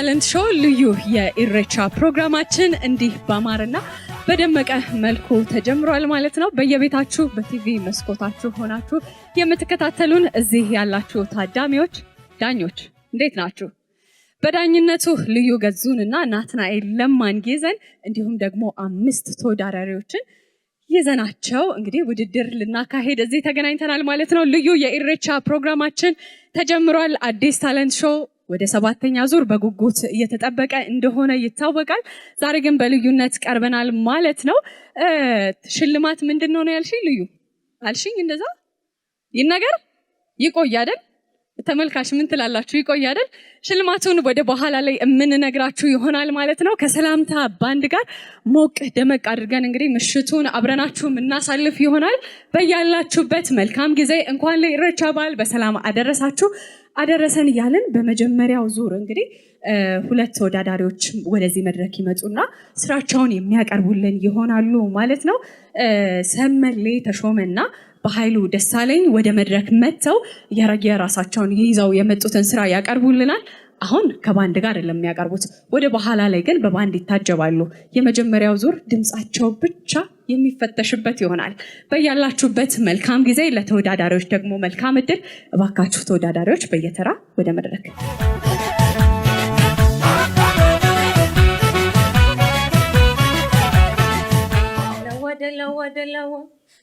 ታለንት ሾው ልዩ የኢሬቻ ፕሮግራማችን እንዲህ በማርና በደመቀ መልኩ ተጀምሯል ማለት ነው። በየቤታችሁ በቲቪ መስኮታችሁ ሆናችሁ የምትከታተሉን እዚህ ያላችሁ ታዳሚዎች፣ ዳኞች እንዴት ናችሁ? በዳኝነቱ ልዩ ገዙን እና ናትናኤል ለማን ይዘን እንዲሁም ደግሞ አምስት ተወዳዳሪዎችን ይዘናቸው እንግዲህ ውድድር ልናካሄድ እዚህ ተገናኝተናል ማለት ነው። ልዩ የኢሬቻ ፕሮግራማችን ተጀምሯል። አዲስ ታለንት ሾው ወደ ሰባተኛ ዙር በጉጉት እየተጠበቀ እንደሆነ ይታወቃል። ዛሬ ግን በልዩነት ቀርበናል ማለት ነው። ሽልማት ምንድን ነው ነው ያልሽኝ? ልዩ አልሽኝ እንደዛ ይህ ነገር ይቆይ አይደል? ተመልካች ምን ትላላችሁ? ይቆይ አይደል? ሽልማቱን ወደ በኋላ ላይ የምንነግራችሁ ይሆናል ማለት ነው። ከሰላምታ ባንድ ጋር ሞቅ ደመቅ አድርገን እንግዲህ ምሽቱን አብረናችሁ የምናሳልፍ ይሆናል። በያላችሁበት መልካም ጊዜ። እንኳን ለኢሬቻ በዓል በሰላም አደረሳችሁ። አደረሰን እያለን በመጀመሪያው ዙር እንግዲህ ሁለት ተወዳዳሪዎች ወደዚህ መድረክ ይመጡና ስራቸውን የሚያቀርቡልን ይሆናሉ ማለት ነው። ሰመሌ ተሾመና በኃይሉ ደሳለኝ ወደ መድረክ መጥተው ራሳቸውን ይዘው የመጡትን ስራ ያቀርቡልናል። አሁን ከባንድ ጋር ለሚያቀርቡት የሚያቀርቡት፣ ወደ በኋላ ላይ ግን በባንድ ይታጀባሉ። የመጀመሪያው ዙር ድምፃቸው ብቻ የሚፈተሽበት ይሆናል። በያላችሁበት መልካም ጊዜ፣ ለተወዳዳሪዎች ደግሞ መልካም እድል። እባካችሁ ተወዳዳሪዎች በየተራ ወደ መድረክ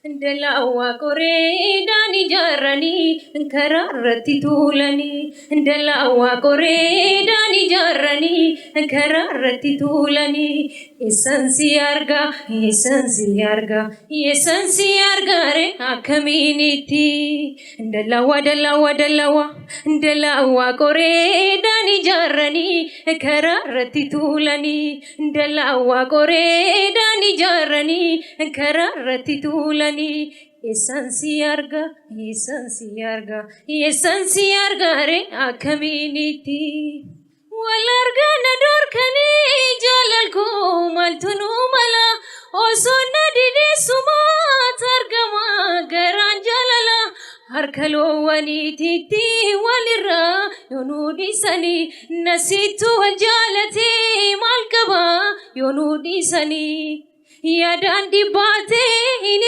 እንደላዋ ቆሬ ዳኒ ጃረኒ እንከራረቲ ቱለኒ እንደላዋ ቆሬ ዳኒ ጃራኒ እንከራረቲ ቱለኒ የሰንሲ ያርጋ የሰንሲ ያርጋ የሰንሲ ያርጋ ሬ አከሚኒቲ እንደላዋ ደላዋ ደላዋ እንደላዋ ቆሬ ዳኒ ጃረኒ እንከራረቲ ቱለኒ እንደላዋ ቆሬ ዳኒ ጃራኒ እንከራረቲ ቱለኒ Ani esansi arga esansi arga esansi arga re akaminiti wal arga nadur kani jalal ko mal tunu mala osonna dide suma targama garan jalala harkaloowwaniititti walirraa yoonuu dhiisanii nasiitu wal jaalatee maal qabaa yoonuu dhiisanii. yaadaan dhibbaatee hin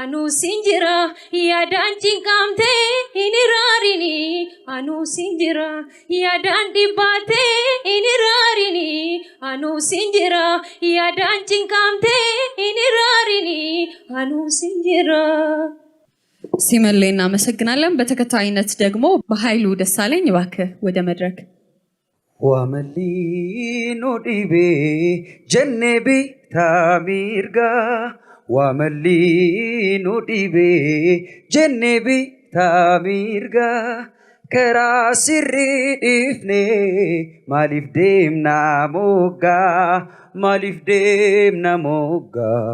anu sinjira hin jira yaadaan cinqaamtee hin iraarini anuus hin jira yaadaan dhibbaatee hin iraarini anuus hin jira yaadaan cinqaamtee hin iraarini anuus hin jira ሲመሌ እናመሰግናለን። በተከታይነት ደግሞ በኃይሉ ደሳለኝ እባክህ ወደ መድረክ ዋመሊኖ ዲቤ ጀኔቤ bitaamirgaa waamalli nu dhibee jenne bitaamirgaa karaa sirrii dhiifne maaliif deemna moggaa maaliif deemna moggaa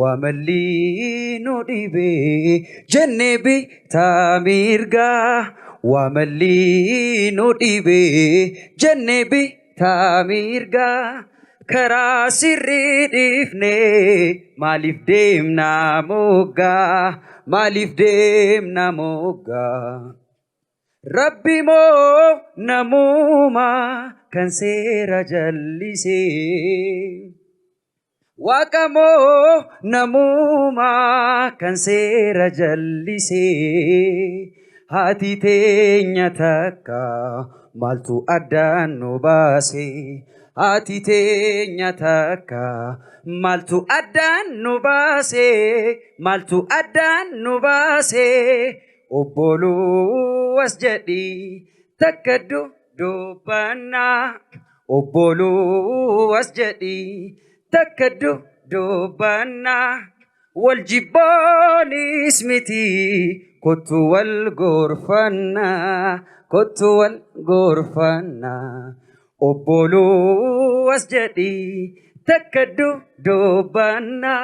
waamalli nu dhibee jenne bitaamirgaa waamalli nu dhibee jenne bitaamirgaa. karaa sirrii dhiifnee maaliif deemna moggaa maaliif deemna moggaa. Rabbi moo namuuma kan seera jallisee. Waaqa moo namuuma kan seera jallisee. Haati teenya takka maaltu addaan nu baasee. አቲቴኛ ተካ ማልቱ አዳኑ ባሴ ማልቱ አዳኑ ባሴ ኦቦሉ ወስጀዲ ተከዱ ዱባና ኦቦሉ ወስጀዲ ተከዱ ዱባና ወልጅቦኒስ ሚቲ ኮቱ ወልጎርፋና ኮቱ ወልጎርፋና Opolo was jadi takka dubbanna.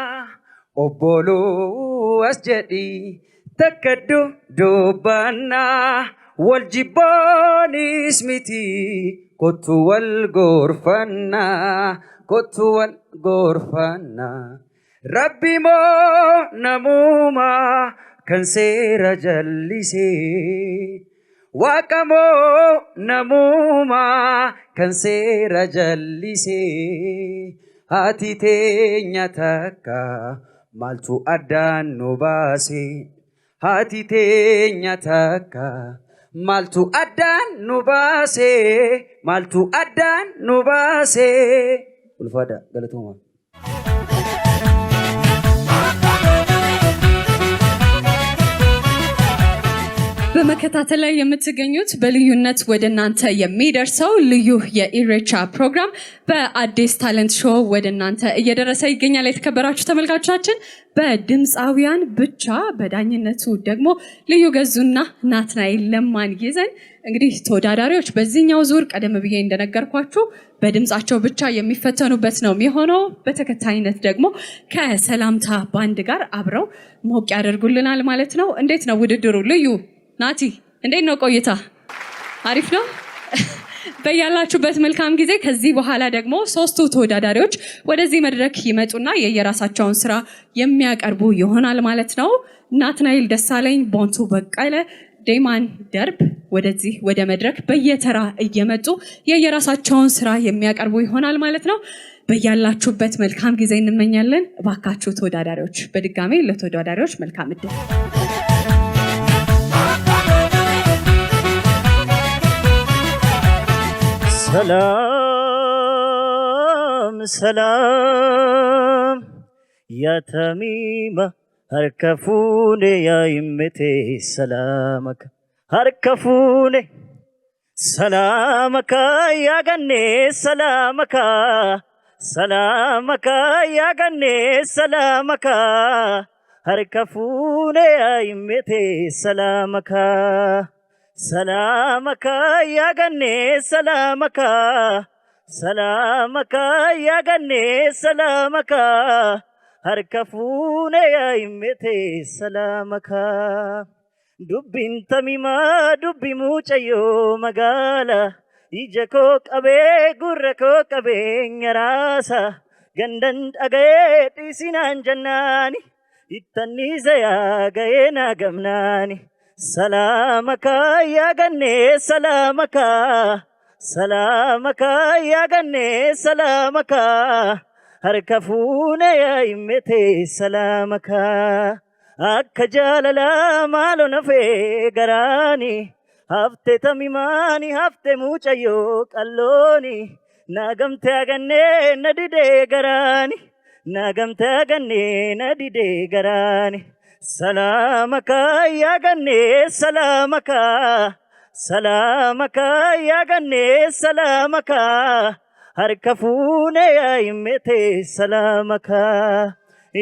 Opolo was jedhii takka dubbanna. Wal jibboonis miti kottu wal gorfana. Kotu wal gorfana. Rabbi Mo namuma kan seera jallisee. Waaqamoo namuumaa kan seera jallisee haati teenya takka maaltu addaan nu baase haati teenya takka maaltu addaan nu baase maaltu addaan nu baase. Ulfaadha galatoomaa. በመከታተል ላይ የምትገኙት በልዩነት ወደ እናንተ የሚደርሰው ልዩ የኢሬቻ ፕሮግራም በአዲስ ታለንት ሾው ወደ እናንተ እየደረሰ ይገኛል። የተከበራችሁ ተመልካቾቻችን በድምፃውያን ብቻ በዳኝነቱ ደግሞ ልዩ ገዙና ናትናኤል ለማን ይዘን እንግዲህ ተወዳዳሪዎች በዚህኛው ዙር ቀደም ብዬ እንደነገርኳችሁ በድምፃቸው ብቻ የሚፈተኑበት ነው የሚሆነው። በተከታይነት ደግሞ ከሰላምታ ባንድ ጋር አብረው ሞቅ ያደርጉልናል ማለት ነው። እንዴት ነው ውድድሩ ልዩ ናቲ እንዴት ነው ቆይታ? አሪፍ ነው። በያላችሁበት መልካም ጊዜ። ከዚህ በኋላ ደግሞ ሶስቱ ተወዳዳሪዎች ወደዚህ መድረክ ይመጡና የየራሳቸውን ስራ የሚያቀርቡ ይሆናል ማለት ነው። ናትናኤል ደሳለኝ፣ ቦንቱ በቀለ፣ ዴማን ደርብ ወደዚህ ወደ መድረክ በየተራ እየመጡ የየራሳቸውን ስራ የሚያቀርቡ ይሆናል ማለት ነው። በያላችሁበት መልካም ጊዜ እንመኛለን። እባካችሁ ተወዳዳሪዎች፣ በድጋሜ ለተወዳዳሪዎች መልካም እድል ሰላም ሰላም ያተሚመ አርከፉኔ ያይመቴ ሰላመከ ሀርከፉኔ ሰላመከ ያገኔ ሰላመካ ሰላመከ ያገኔ ሰላመከ ሀርከፉኔ ያይመቴ ሰላመከ ሰላመከ ያገኔ ሰላመከ ሰላመከ ያገኔ ሰላመከ ሀርከ ያይሜቴ ሰላመከ ዱቢን ተሚማ ዱቢ ሙጨዮ መጋላ ይጀኮ ቀቤ ጉረኮ ቀቤኛ ራሳ ገንደን ዳገዬ ጢሲናን ጀናኒ ይተኒዘያ ገዬና ገምናኒ సలామక యాగన్నే సలామక సలామక యాగన్నే సలామక హర్ కఫూనయ ఇమ్మెతే సలామక అక్క జాలల మాలు నఫే గరాని హఫ్తే తమిమాని హఫ్తే మూచయో కల్లోని నాగం త్యాగన్నే నడిడే గరాని నాగం త్యాగన్నే నడిడే గరాని ሰላመከ ያገኔ ሰላመከ ሰላመከ ያገኔ ሰላመከ ሀርከ ፉኔ ያይሜቴ ሰላመከ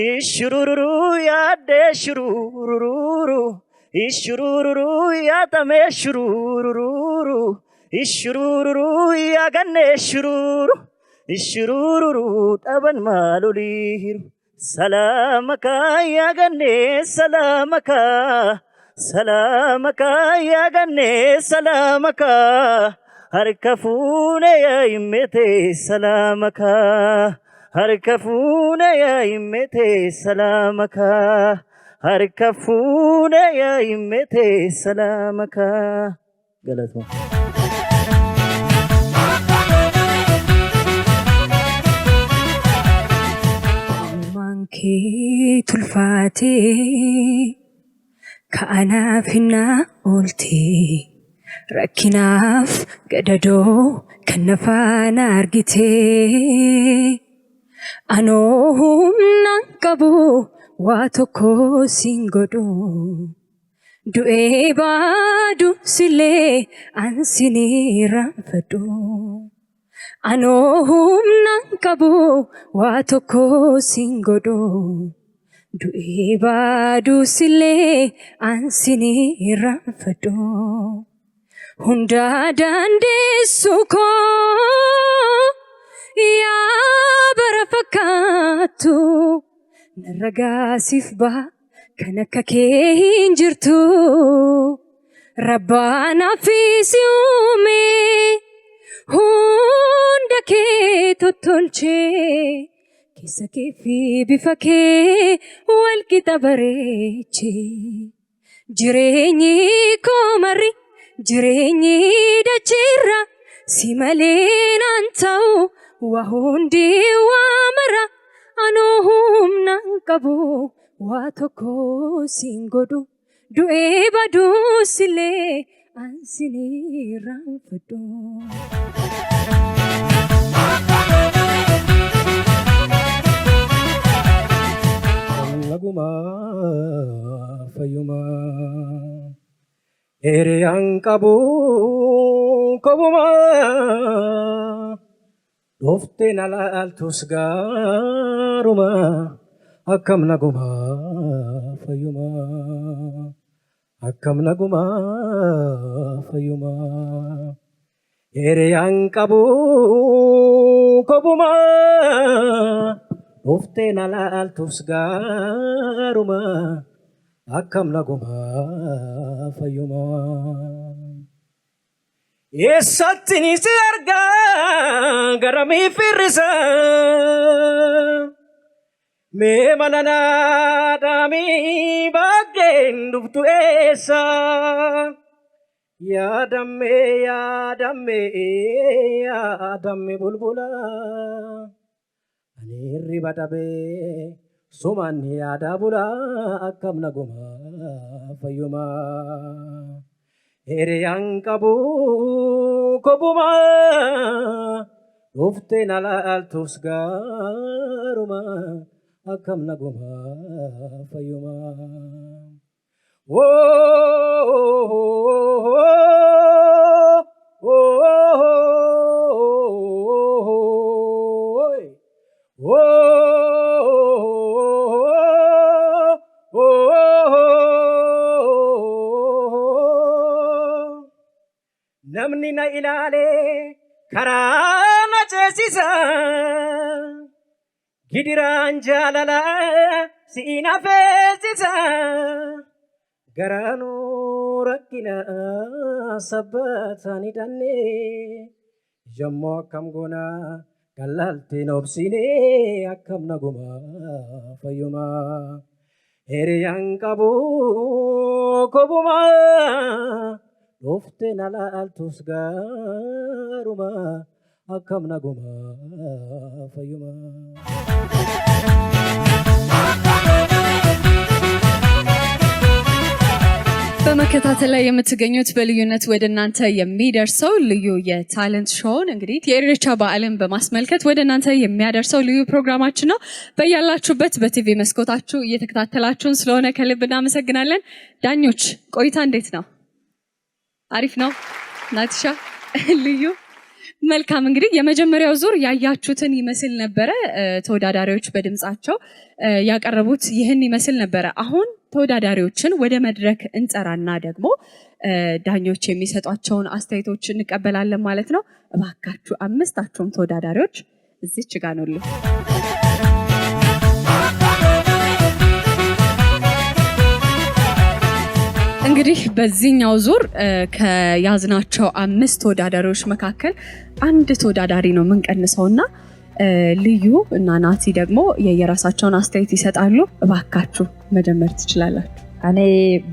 ይሽሩሩሩ ያደ ሽሩሩሩ ይሽሩሩሩ ያጠሜ ሽሩሩሩ ይሽሩሩሩ ያገኔ ሽሩሩ ይሽሩሩሩ ጠበን ማሉሊሂሩ ሰላመካ ያገኔ ሰላመካ ሰላመካ ያገኔ ሰላመካ አርከፉነ ያይሜቴ ሰላመካ አርከፉነ ያይሜቴ ሰላመካ ሀርከፉነያ ይሜቴ ሰላመካ ገለቶ Kun ulfaatee kaanaaf hinnaa ooltee rakkinaaf gadadoo kan na faana argitee anoo humnaan qabu waa tokko siin godhuu du'ee baaduusillee an sin irraanfadhu. Anoo humnaan qabu waa tokko sin godhu. Du'ee baaduus illee ansinii irraanfadhu. Hunda dandeessu koo yaa bara fakkaattu. Narragaasiif baa kan akka kee hin jirtu. Rabbaan affisi uumee. Hunda kee tottolchee keessa kee fi bifa kee wal qixa bareechee jireenyi koo marri jireenyi dachiirra si malee naan ta'u waa hundi waa mara anoo humnaan qabu waa tokko siin godhu du'ee baduus illee. አንስኔራ ፈዶ ጉማ ፈዩማ ኤሪያን ቀቡ ከቡማ ዶፍቴን አላልቱስ ጋሩማ አከምና ጉማ ፈዩማ akkam naguma fayyumaa Hiriyaan qabu kobumaa dhufteen alaaltus gaarumaa akkam nagumaa fayyumaa. Eessatti ni si argaa garamii firrisaa. Mee manana dhaami bakkeen dhuftu eessa? Yaadamme yaadamme yaadamme bulbula. Ani hirriba dhabee sumaan yaada bula akkam naguma fayyuma. Hiriyaan qabu kophuma dhuftee na laaltus gaaruma. akkam na gomaa fayyumaa. Namni na ilaale karaa na ceesisa. Gidiraan jaalalaa si inaafeessisa garaanuu rakkinaa sabbataan hidhannee yommuu akkam goonaa galaaltiin obsinee akkam nagumaa fayyumaa hiriyaan qabu kobumaa dhuftee na laaltus gaarumaa. akkam nagumaa fayyumaa በመከታተል ላይ የምትገኙት በልዩነት ወደ እናንተ የሚደርሰው ልዩ የታለንት ሾውን እንግዲህ የኢሬቻ በዓልን በማስመልከት ወደ እናንተ የሚያደርሰው ልዩ ፕሮግራማችን ነው። በያላችሁበት በቲቪ መስኮታችሁ እየተከታተላችሁን ስለሆነ ከልብ እናመሰግናለን። ዳኞች ቆይታ እንዴት ነው? አሪፍ ነው። ናቲሻ ልዩ መልካም እንግዲህ የመጀመሪያው ዙር ያያችሁትን ይመስል ነበረ። ተወዳዳሪዎች በድምፃቸው ያቀረቡት ይህን ይመስል ነበረ። አሁን ተወዳዳሪዎችን ወደ መድረክ እንጠራና ደግሞ ዳኞች የሚሰጧቸውን አስተያየቶች እንቀበላለን ማለት ነው። እባካችሁ አምስታችሁም ተወዳዳሪዎች እዚች ጋኑልን። እንግዲህ በዚህኛው ዙር ከያዝናቸው አምስት ተወዳዳሪዎች መካከል አንድ ተወዳዳሪ ነው የምንቀንሰው እና ልዩ እና ናቲ ደግሞ የየራሳቸውን አስተያየት ይሰጣሉ። እባካችሁ መጀመር ትችላላችሁ። እኔ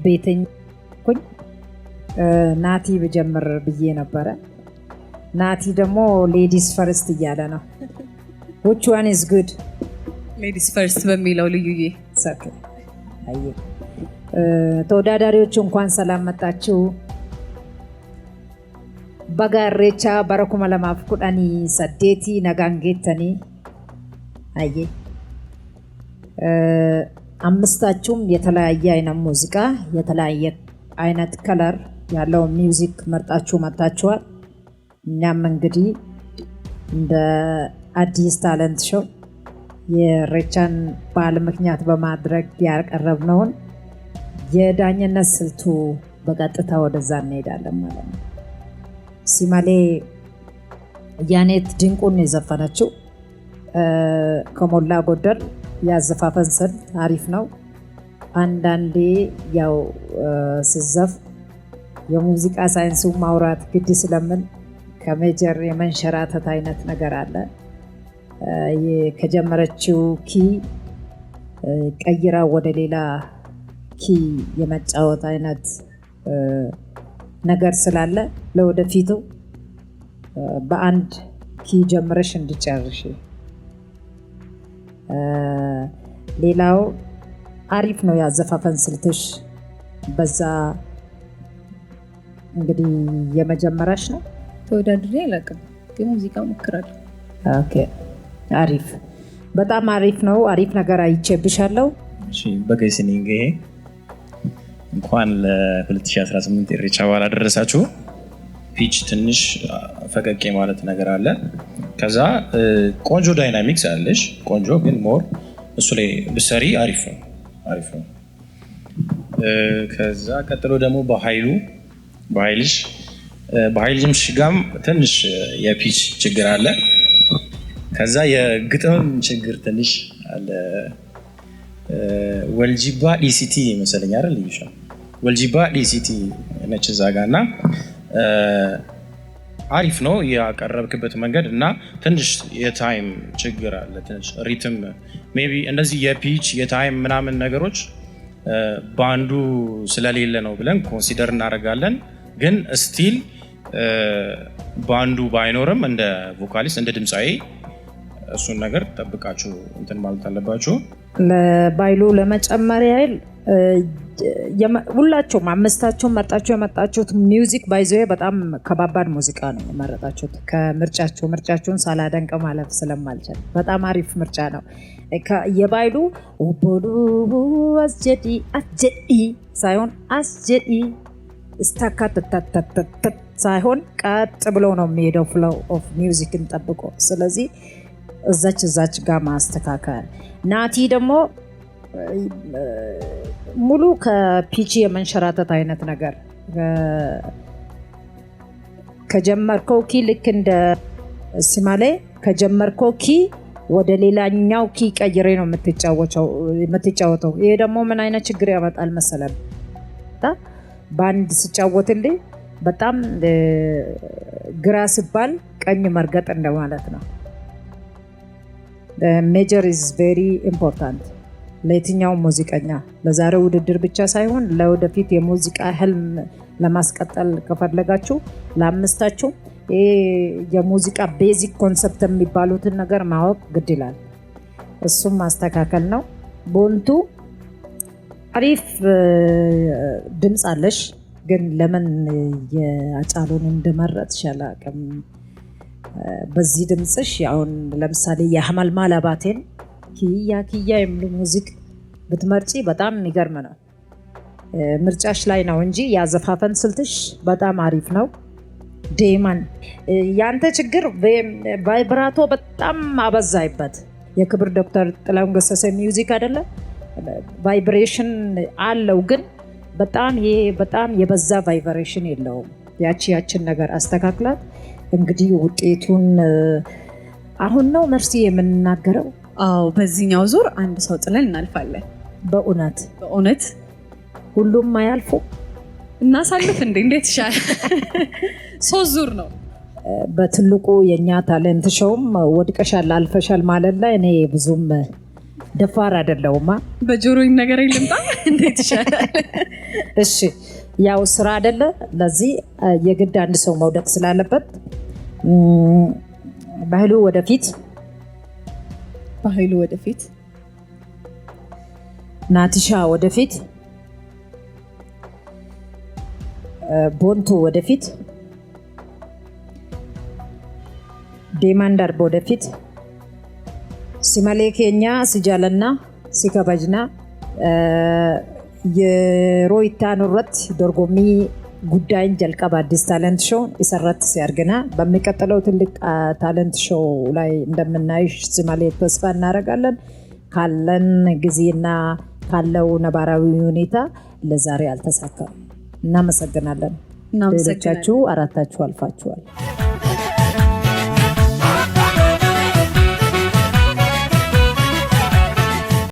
ቤተኛ ኩኝ ናቲ ብጀምር ብዬ ነበረ። ናቲ ደግሞ ሌዲስ ፈርስት እያለ ነው። ዊች ዋን ኢዝ ጉድ ሌዲስ ፈርስት በሚለው ልዩዬ ተወዳዳሪዎቹ እንኳን ሰላም መጣችሁ። በጋ ኢሬቻ በረ kuma lamaaf kudhanii saddeetii nagaan geettanii አየ አምስታችሁም የተለያየ አይነት ሙዚቃ የተለያየ አይነት ከለር ያለው ሚውዚክ መርጣችሁ መጥታችኋል። እኛም እንግዲህ እንደ አዲስ ታለንት ሾው የኢሬቻን በዓል ምክንያት በማድረግ ያቀረብነውን የዳኝነት ስልቱ በቀጥታ ወደዛ እንሄዳለን ማለት ነው። ሲማሌ ያኔት ድንቁን የዘፈነችው ከሞላ ጎደል ያዘፋፈን ስልት አሪፍ ነው። አንዳንዴ ያው ስዘፍ የሙዚቃ ሳይንሱ ማውራት ግድ ስለምን ከሜጀር የመንሸራተት አይነት ነገር አለ። ከጀመረችው ኪ ቀይራ ወደ ሌላ ኪ የመጫወት አይነት ነገር ስላለ ለወደፊቱ በአንድ ኪ ጀምረሽ እንድጨርሽ። ሌላው አሪፍ ነው የአዘፋፈን ስልትሽ። በዛ እንግዲህ የመጀመሪያሽ ነው። ተወዳድሬ አላውቅም፣ ግን ሙዚቃ ሞክራለሁ። አሪፍ፣ በጣም አሪፍ ነው። አሪፍ ነገር አይቼብሻለሁ። በገስኒንግ ይሄ እንኳን ለ2018 ኢሬቻ በዓል አደረሳችሁ። ፒች ትንሽ ፈቀቅ ማለት ነገር አለ። ከዛ ቆንጆ ዳይናሚክስ አለሽ። ቆንጆ ግን ሞር እሱ ላይ ብሰሪ አሪፍ ነው አሪፍ ነው። ከዛ ቀጥሎ ደግሞ በሀይሉ በሀይልሽ በሀይልም ጋም ትንሽ የፒች ችግር አለ። ከዛ የግጥም ችግር ትንሽ አለ። ወልጂባ ዲሲቲ መሰለኝ አይደል? ልዩሻ ወልጂባ ዲሲቲ ነች እዛ ጋ እና አሪፍ ነው ያቀረብክበት መንገድ እና ትንሽ የታይም ችግር አለ። ትንሽ ሪትም ሜይ ቢ እንደዚህ የፒች የታይም ምናምን ነገሮች በአንዱ ስለሌለ ነው ብለን ኮንሲደር እናደርጋለን። ግን ስቲል በአንዱ ባይኖርም እንደ ቮካሊስት እንደ ድምፃዊ እሱን ነገር ጠብቃችሁ እንትን ማለት አለባችሁ። ባይሎ ለመጨመር ያህል ሁላቸውም አምስታቸውን መርጣቸው የመጣችሁት ሚውዚክ ባይዘ በጣም ከባባድ ሙዚቃ ነው የመረጣችሁት። ከምርጫቸው ምርጫቸውን ሳላደንቅ ማለፍ ስለማልችል በጣም አሪፍ ምርጫ ነው። የባይሉ ቦዱ አስጀዲ አስጀዲ ሳይሆን አስጀዲ ስታካትታታትት ሳይሆን ቀጥ ብሎ ነው የሚሄደው ፍሎው ኦፍ ሚውዚክን ጠብቆ ስለዚህ እዛች እዛች ጋር ማስተካከል። ናቲ ደግሞ ሙሉ ከፒቺ የመንሸራተት አይነት ነገር ከጀመርከው ኪ ልክ እንደ ሲማሌ ከጀመርከው ኪ ወደ ሌላኛው ኪ ቀይሬ ነው የምትጫወተው። ይሄ ደግሞ ምን አይነት ችግር ያመጣል መሰለም በአንድ ስጫወትልኝ በጣም ግራ ሲባል ቀኝ መርገጥ እንደማለት ነው። ሜጀር ኢዝ ቬሪ ኢምፖርታንት ለየትኛው ሙዚቀኛ ለዛሬው ውድድር ብቻ ሳይሆን ለወደፊት የሙዚቃ ህልም ለማስቀጠል ከፈለጋችሁ ለአምስታችሁ ይሄ የሙዚቃ ቤዚክ ኮንሰፕት የሚባሉትን ነገር ማወቅ ግድ ይላል። እሱም ማስተካከል ነው። ቦንቱ አሪፍ ድምፅ አለሽ፣ ግን ለምን የአጫሉን እንደመረጥሽ አላውቅም። በዚህ ድምፅሽ አሁን ለምሳሌ የሐመልማል ማላባቴን ክያ ክያ የሚሉ ሙዚቅ ብትመርጪ በጣም የሚገርም ነው። ምርጫሽ ላይ ነው እንጂ የአዘፋፈን ስልትሽ በጣም አሪፍ ነው። ዴማን ያንተ ችግር ቫይብራቶ በጣም አበዛይበት። የክብር ዶክተር ጥላሁን ገሰሰ ሚውዚክ አይደለ ቫይብሬሽን አለው፣ ግን በጣም ይሄ በጣም የበዛ ቫይብሬሽን የለውም። ያቺ ያችን ነገር አስተካክላት። እንግዲህ ውጤቱን አሁን ነው መርሲ የምንናገረው? አዎ፣ በዚህኛው ዙር አንድ ሰው ጥለን እናልፋለን። በእውነት በእውነት ሁሉም አያልፎ እናሳልፍ እንዴ? እንዴት ይሻል? ሶስት ዙር ነው። በትልቁ የእኛ ታለንት ሸውም ወድቀሻል፣ አልፈሻል ማለት ላይ እኔ ብዙም ደፋር አይደለውማ። በጆሮኝ ነገር ልምጣ እንዴት ይሻላል? እሺ ያው ስራ አይደለ ለዚህ የግድ አንድ ሰው መውደቅ ስላለበት ባህሉ ወደፊት ባህሉ ወደፊት ናቲሻ ወደፊት ቦንቱ ወደፊት ዴማን ወደፊት ሲመሌ ኬኛ ሲጃለና ሲከበጅና የሮይታ ኑረት ዶርጎሚ ጉዳይን ጀልቀብ አዲስ ታለንት ሾው ይሰረት ሲያርግና በሚቀጥለው ትልቅ ታለንት ሾው ላይ እንደምናይሽ ዝማሌ ተስፋ እናደርጋለን። ካለን ጊዜና ካለው ነባራዊ ሁኔታ ለዛሬ አልተሳካም። እናመሰግናለን። ሌሎቻችሁ አራታችሁ አልፋችኋል።